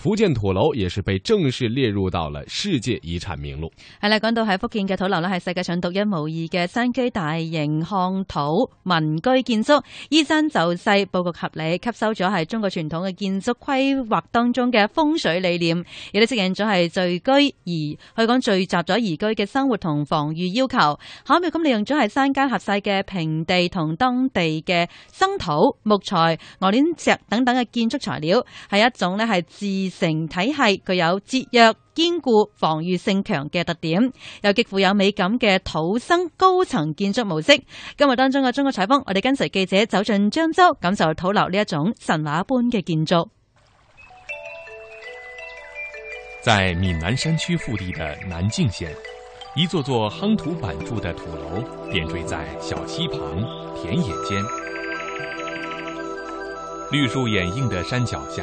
福建土樓也是被正式列入到了世界遺產名錄。係啦，講到喺福建嘅土樓咧，係世界上獨一無二嘅山區大型夯土民居建築，依山就勢，布局合理，吸收咗係中國傳統嘅建築規劃當中嘅風水理念，亦都適應咗係聚居，而去講聚集咗宜居嘅生活同防禦要求。巧妙咁利用咗係山間狹細嘅平地同當地嘅生土、木材、鵝卵石等等嘅建築材料，係一種咧係自。成體系，具有節約、堅固、防御性強嘅特點，又極富有美感嘅土生高層建築模式。今日當中嘅中國採訪，我哋跟隨記者走進漳州，感受土樓呢一種神話般嘅建築。在閩南山區腹地的南靖縣，一座座夯土板築的土樓點綴在小溪旁、田野間，綠樹掩映的山腳下。